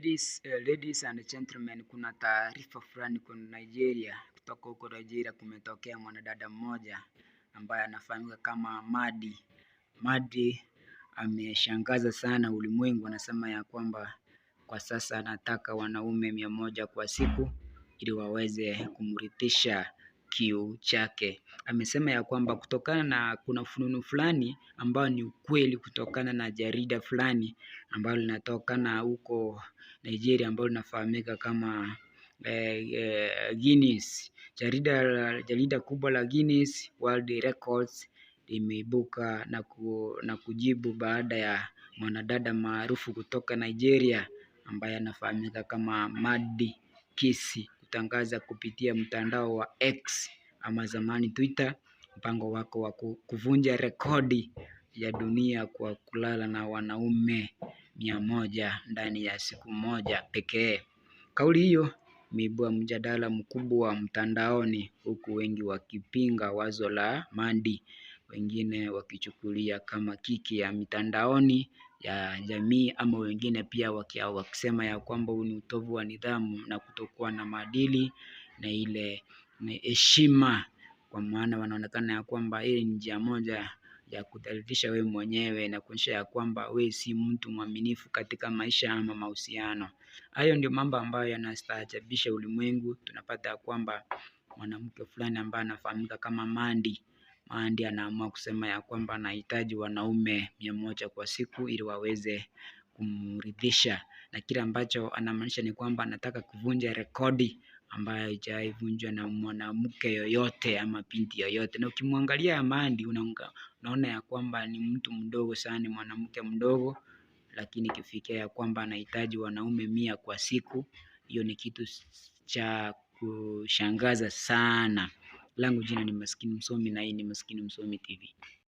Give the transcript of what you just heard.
Ladies, uh, ladies and gentlemen, kuna taarifa fulani kwa Nigeria. Kutoka huko Nigeria kumetokea mwanadada mmoja ambaye anafahamika kama Madi. Madi ameshangaza sana ulimwengu, anasema ya kwamba kwa sasa anataka wanaume mia moja kwa siku ili waweze kumrithisha kiu chake. Amesema ya kwamba kutokana na kuna fununu fulani ambayo ni ukweli kutokana na jarida fulani ambalo linatokana huko Nigeria ambalo linafahamika kama eh, eh, Guinness. Jarida, jarida kubwa la Guinness World Records limeibuka na, ku, na kujibu baada ya mwanadada maarufu kutoka Nigeria ambaye anafahamika kama Madi Kisi kutangaza kupitia mtandao wa X ama zamani Twitter, mpango wako wa kuvunja rekodi ya dunia kwa kulala na wanaume mia moja ndani ya siku moja pekee. Kauli hiyo imeibua mjadala mkubwa wa mtandaoni, huku wengi wakipinga wazo la Mandi, wengine wakichukulia kama kiki ya mitandaoni ya jamii ama wengine pia wakisema ya kwamba huu ni utovu wa nidhamu na kutokuwa na maadili na ile heshima, kwa maana wanaonekana ya kwamba hii ni njia moja ya kudhalilisha wewe mwenyewe na kuonyesha ya kwamba wewe si mtu mwaminifu katika maisha ama mahusiano. Hayo ndio mambo ambayo yanastaajabisha ulimwengu. Tunapata ya kwamba mwanamke fulani ambaye anafahamika kama Mandy Mahandi anaamua kusema ya kwamba anahitaji wanaume mia moja kwa siku ili waweze kumridhisha, na kile ambacho anamaanisha ni kwamba anataka kuvunja rekodi ambayo haijavunjwa na mwanamke yoyote ama binti yoyote. Na ukimwangalia Amandi unaona ya kwamba ni mtu mdogo sana, ni mwanamke mdogo, lakini kifikia ya kwamba anahitaji wanaume mia kwa siku, hiyo ni kitu cha kushangaza sana langu jina ni Maskini Msomi na hii ni Maskini Msomi TV.